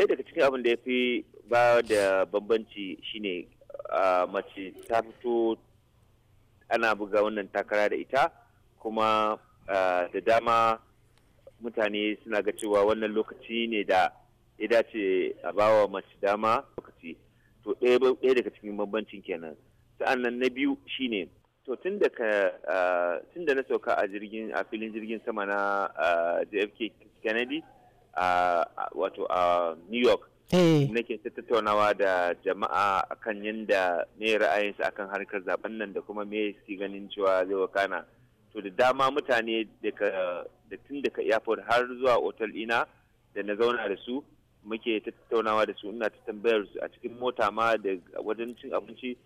ɗaya daga cikin abin da ya fi ba da bambanci shine mace ta fito ana buga wannan takara da ita kuma da dama mutane suna ga cewa wannan lokaci ne da ya dace a bawa mace dama lokaci to ɗaya daga cikin bambancin kenan sa'annan na biyu shine to tun da na sauka a a filin jirgin sama na jfk kennedy a wato a new york eh. nake tattaunawa da jama'a akan yadda me ra'ayinsu akan harkar zaben nan da kuma me su ganin cewa zai wakana to da dama mutane da tun daga airport har zuwa otal ina da na zauna da su muke tattaunawa da su ina ta tambayar su a cikin mota ma da wajen cin abinci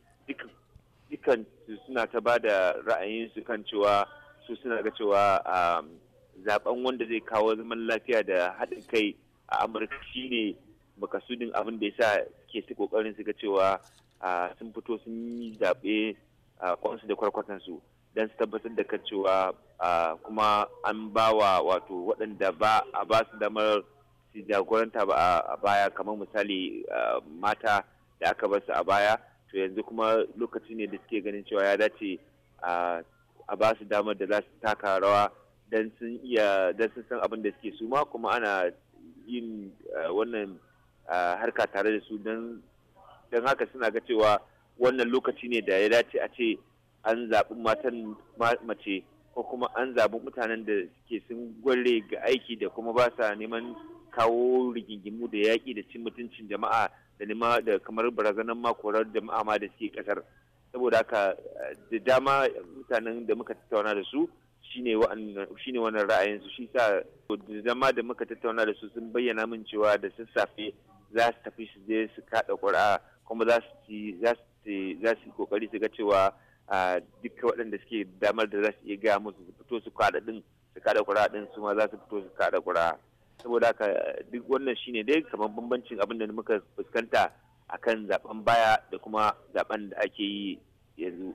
dukkan suna ta ba da ra'ayinsu kan cewa su suna ga cewa um, zaben wanda zai kawo zaman lafiya da haɗin kai a amurka shine makasudin abin da ya sa ke su kokarin su ga cewa sun fito sun yi zaɓe kwansu da kwarkwatansu don su tabbatar da kan cewa kuma an bawa wato waɗanda ba a ba su damar su jagoranta ba a baya kamar misali mata da aka su a baya to yanzu kuma lokaci ne da suke ganin cewa ya dace a ba su damar da za su taka rawa dan sun iya dan sun san abin da suke su ma kuma ana yin eh, wannan eh, harka tare da su dan don haka suna ga cewa wannan lokaci ne da ya dace a ce an zaɓi matan mace ko kuma an zaɓi mutanen da suke sun gware ga aiki da kuma ba sa neman kawo rigingimu da yaƙi da cin mutuncin jama'a da nema da kamar barazanar makorar jama'a ma da suke ƙasar saboda haka eh, da dama mutanen da muka tattauna da su shine wannan ra'ayin su shi sa zama da muka tattauna da su sun bayyana min cewa da sassafe za su tafi su je su kada ƙura kuma za su za su kokari su ga cewa dukkan waɗanda suke damar da za su iya gaya musu su fito su kada din su kada ƙura din su ma za su fito su kada ƙura saboda haka duk wannan shine dai kamar bambancin abin da muka fuskanta akan zaben baya da kuma zaben da ake yi yanzu